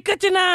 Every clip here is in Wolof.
dikkati na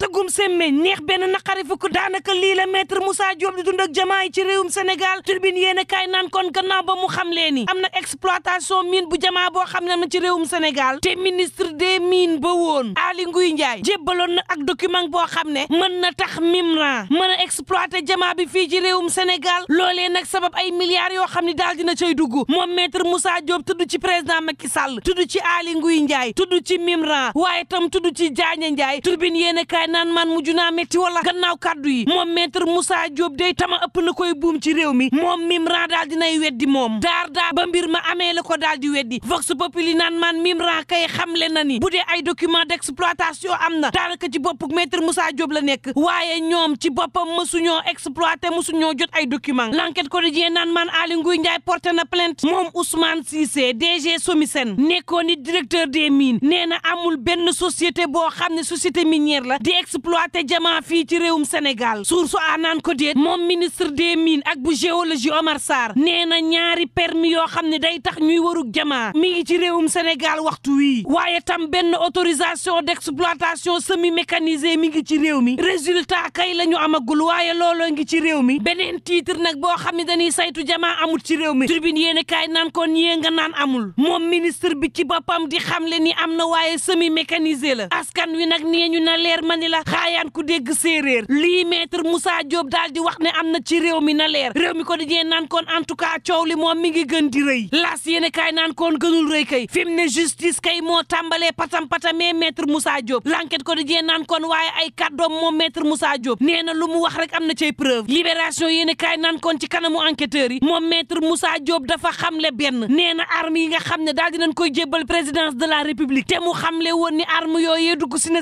tëggum semmeñ neex benn naqari fukk daanaka lii la maître Moussa Diop di dund ak jamaay ci réewum Sénégal turbine yéen a kaay naan kon gannaaw ba mu xam lee ni am na exploitation mine bu jamaa boo xam ne am na ci réewum Sénégal te ministre des mines ba woon Aly Ngouille Ndiaye jébbaloon na ak document boo xam ne mën na tax Mimran mën a exploiter jamaa bi fii ci réewum senegal loolee nag sabab ay milliards yoo xam ne daal dina cay dugg moom maître musa Diop tudd ci président Macky Sall tudd ci Aly Ngouille Ndiaye tudd ci Mimran waaye tam tudd ci Diagne Ndiaye turbine yéen a kaay naan man mujj naa métti wala gannaaw kàddu yi moom maître Moussa Diop day tama ëpp na koy buum ci réew mi moom Mimran daal dinay weddi moom daar daar ba mbir ma amee la ko daal di weddi Vox Populi naan man Mimran kay xamle na ni bu ay document d'exploitation am na daanaka ci bopp maître Moussa Diop la nekk waaye ñoom ci boppam mësuñoo exploité mësuñoo jot ay document l'enquête quotidien naan man Aly Ngouille Ndiaye porté na plainte moom Ousmane s DG Somisen nekkoon ni directeur des mines nee na amul benn société boo xam société minière la di exploiter jamaa fii ci réewum Sénégal source a naan ko déet moom ministre des mines ak bu géologie Omar Sarr nee na ñaari permis yoo xam ne day tax ñuy warug diamant mi ngi ci réewum Sénégal waxtu wii waaye tam benn autorisation d'exploitation semi mécanisée mi ngi ci réew mi résultat kay la ñu amagul waaye looloo ngi ci réew mi beneen titre nag boo xam ne dañuy saytu jamaa amul ci réew mi tribune yéen kaay naan kon naan amul moom ministre bi ci boppam di xamle ni am na waaye semi mécanisé la askan wi nag nag nee ñu na leer ma ni la xaayaan ku dégg séeréer lii maître Moussa Diop daal di wax ne am na ci réew mi na leer réew mi ko dijee naan koon en tout cas coow li moo mi ngi gën di rëy laas yéene kaay naan koon gënul rëy kay fi mu ne justice kay moo tàmbalee patam patamee maître Moussa Diop l'enquête ko dijee naan koon waaye ay kàddoom moom maître Moussa Diop nee na lu mu wax rek am na cay preuve libération yéene kaay nan koon ci kanamu enquêteurs yi moom maître Moussa Diop dafa xamle benn nee na arme yi nga xam ne daal dinañ koy jébbal présidence de la république te mu xamle woon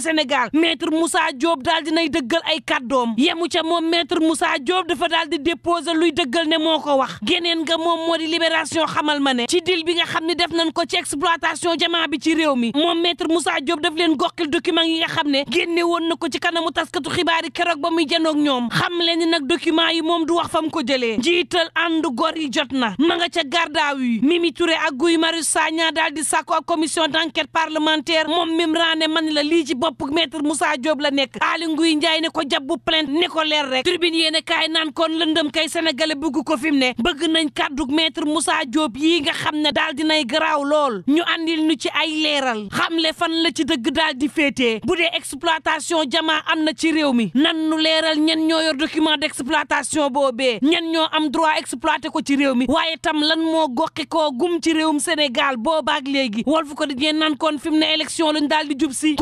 Sénégal maître Moussa joob daal di nay dëggal ay kàddoom yemu ca moom maître Moussa Diop dafa daal di déposer luy dëggal ne moo ko wax geneen nga moom moo di libération xamal ma ne ci dil bi nga xam ne def nañ ko ci exploitation jamaa bi ci réew mi moom maître Moussa Diop def leen gokkil document yi nga xam ne génne woon na ko ci kanamu taskatu xibaar yi keroog ba muy jënoog ñoom xam leen ni nag document yi moom du wax mu ko jëlee njiital àndu gor yi jot na ma nga ca gardaaw yi Mimi Touré ak Guy Marius Sagna daal di sàkku ak commission d'enquête parlementaire moom mim raane man la lii ci bopp bopp maître Moussa Diop la nekk Aly Ngouille Ndiaye ne ko jabbu plainte ne ko leer rek tribune yéen a kaay naan kon lëndëm kay sénégalais bugg ko fi mu ne bëgg nañ kàddug maître Moussa Diop yii nga xam ne daal nay garaaw lool ñu andil nu ci ay leeral xam le fan la ci dëgg daal di féetee bu dee exploitation jamaa am na ci réew mi nan nu leeral ñen ñooyo yor document d'exploitation boobee ñan ñoo am droit exploité ko ci réew mi waaye tam lan moo goqi koo gum ci réewum Sénégal boobaak léegi Walf ko di naan kon fi mu ne élection lañ daal di jub si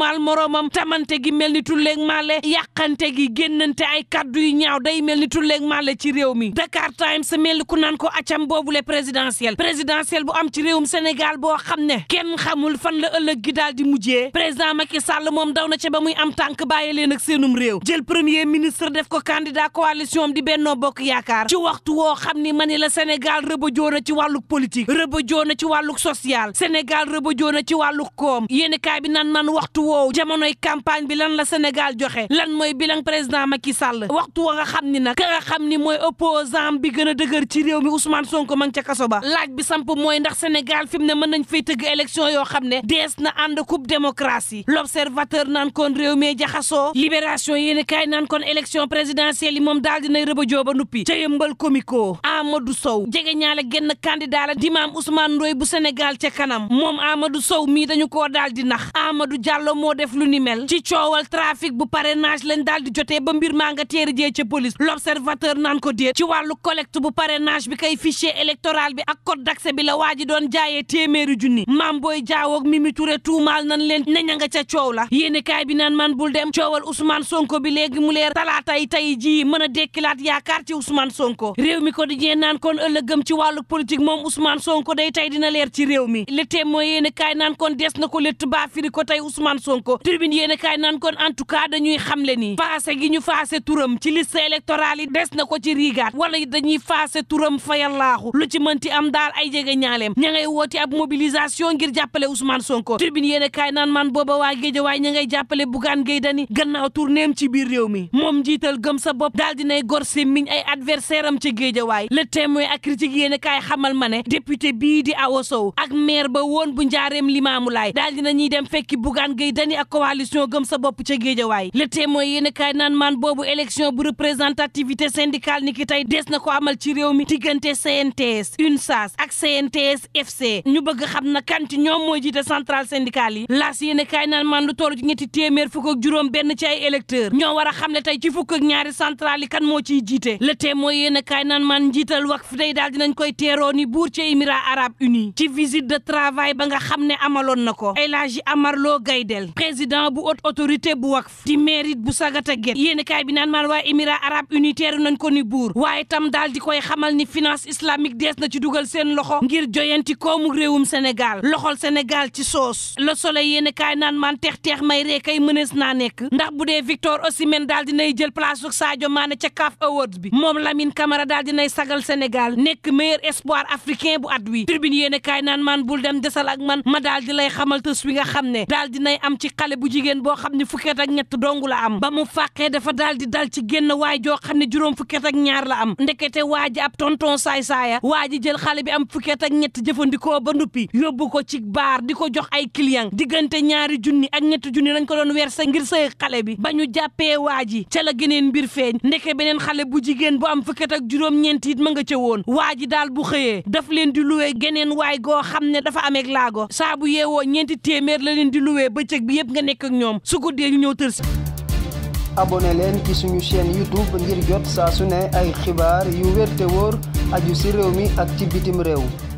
tuumaal moroomam tamante gi mel ni tulleeg maale yàqante gi génnante ay kaddu yu ñaaw day mel ni tulleeg maale ci réew mi Dakar Times mel ni ku naan ko acam le présidentiel présidentiel bu am ci réewum Sénégal boo xam ne kenn xamul fan la ëllëg gi daal di mujjee président Macky Sall moom daw na ca ba muy am tànk bàyyi leen ak seenum réew jël premier ministre def ko candidat coalition am di Benno Bokk Yaakaar ci waxtu woo xam ni ma ni la Sénégal rëbëjoo na ci wàlluk politique rëbëjoo na ci wàlluk social Sénégal rëbëjoo na ci wàlluk koom yéen kaay nan nan woowu jamonoy campagne bi lan la Sénégal joxe lan mooy bilan président Macky Sall waxtu wa xam ni nag ka xam ni mooy opposant bi gën a dëgër ci réew mi Ousmane Sonko ma ngi ca kaso ba laaj bi samp mooy ndax Sénégal fi ne mën nañ fay tëgg élection yoo xam ne dees na ànd coupe démocratie l'observateur naan kon réew mi jaxasoo libération yéeni kaay naan kon élection présidentielle yi moom daal dinay rëba jooba nuppi ca yëmbal komiko Amadou Sow jege ñaale genn candidat bu Sénégal ca kanam moom Sow mii dañu koo daal di nax Diallo moo def lu ni mel ci coowal trafic bu parrainage lañ daal di jotee ba mbir maa nga teeri jee ca police l'observateur naan ko déet ci wàllu collecte bu parrainage bi kay fichier électoral bi ak code d'accès bi la waa ji doon jaaye téeméeri junni maam booy jaawoog Mimi Touré tuumaal nan leen naña nga ca coow la yéeni kaay bi naan man bul dem coowal Ousmane Sonko bi léegi mu leer talaatay tey jii mën a dekkilaat yaakaar ci Ousmane Sonko réew mi ko di jee naan kon ëllëgëm ci wàllu politique moom Ousmane Sonko day tey dina leer ci réew mi le témoin yéeni kaay naan kon des na ko létt Ousmane Sonko turbine yéen kaay naan kon en tout cas dañuy xamle ni faase gi ñu faase turam ci liste électorale yi des na ko ci riigaat wala dañuy faase turam fayallaaxu lu ci mënti am daal ay jege ñaaleem ña ngay wooti ab mobilisation ngir jàppale Ousmane Sonko turbine yéen a kaay naan man booba waa Géejawaay ña ngay jàppale Bougane Gueye Dany gannaaw tournéem ci biir réew mi moom jiital gëm sa bopp daal dinay gor sémmiñ ay adversaire am ci Géejawaay le témoin ak critique yéen a xamal ma ne député bii di Awa Sow ak maire ba woon bu njaareem Limaamu Laay daal dinañuy dem fekki Bougane Gueye Guèye a ak coalition gëm sa bopp ca Guédiawaye le témoin yéen kaay naan maan boobu élection bu représentativité syndicale ni ki tey des na ko amal ci réew mi diggante CNTS UNSAS ak CNTS FC ñu bëgg xam na kan ci ñoom mooy jiite centrale syndicale yi laas yéen kaay naan maan lu toll ci ti téeméer fukk ak juróom benn ci ay électeurs ñoo war a xam ne tey ci fukk ak ñaari centrale yi kan moo ciy jiite le témoin yéen kaay nan man njiital Wakf tey daal dinañ koy teeroo ni buur ci Émirats arabes unis ci visite de travail ba nga xam ne amaloon na ko El Hadji Amar Diagnel président bu haute autorité bu wakf di mairie bu sagata guet yéeni kaay bi naan maan waa émirat arabe uni teeru nañ ko ni buur waaye tam daal di koy xamal ni finance islamique dees na ci dugal seen loxo ngir joyanti koomu réewum Sénégal loxol Sénégal ci soos la soleil yéeni kaay naan maan teex teex may ree kay mënees naa nekk ndax bu dee Victor Osimhen daal dinay jël place u Sadio Mané ca CAF Awards bi moom Lamine Camara daal dinay sagal Sénégal nekk meilleur espoir africain bu at wi tribune yéeni kaay naan maan bul dem desal ak man ma lay xamal tës nga xam am ci xale bu jigéen boo xam ne fukket ak ñett dong la am ba mu fàqee dafa daal di dal ci génn waay joo xam ne juróom fukket ak ñaar la am ndekete waa ji ab tonton saay-saaya waa ji jël xale bi am fukket ak ñett jëfandikoo ba nuppi yóbbu ko ci baar di ko jox ay client diggante ñaari junni ak ñett junni lañ ko doon weer sa ngir sëy xale bi ba ñu jàppee waa ji ca la geneen mbir feeñ ndeke beneen xale bu jigéen bu am fukket ak juróom ñeenti it ma nga ca woon waa ji daal bu xëyee daf leen di luwee geneen waay goo xam ne dafa ameeg laago saa bu la leen di luwee bi yëpp nga nekk ak ñoom su guddee ñu ñëw tër si abonné leen ci suñu chaîne YouTube ngir jot saa su ne ay xibaar yu wér te wóor aju si réew mi ak ci bitim réew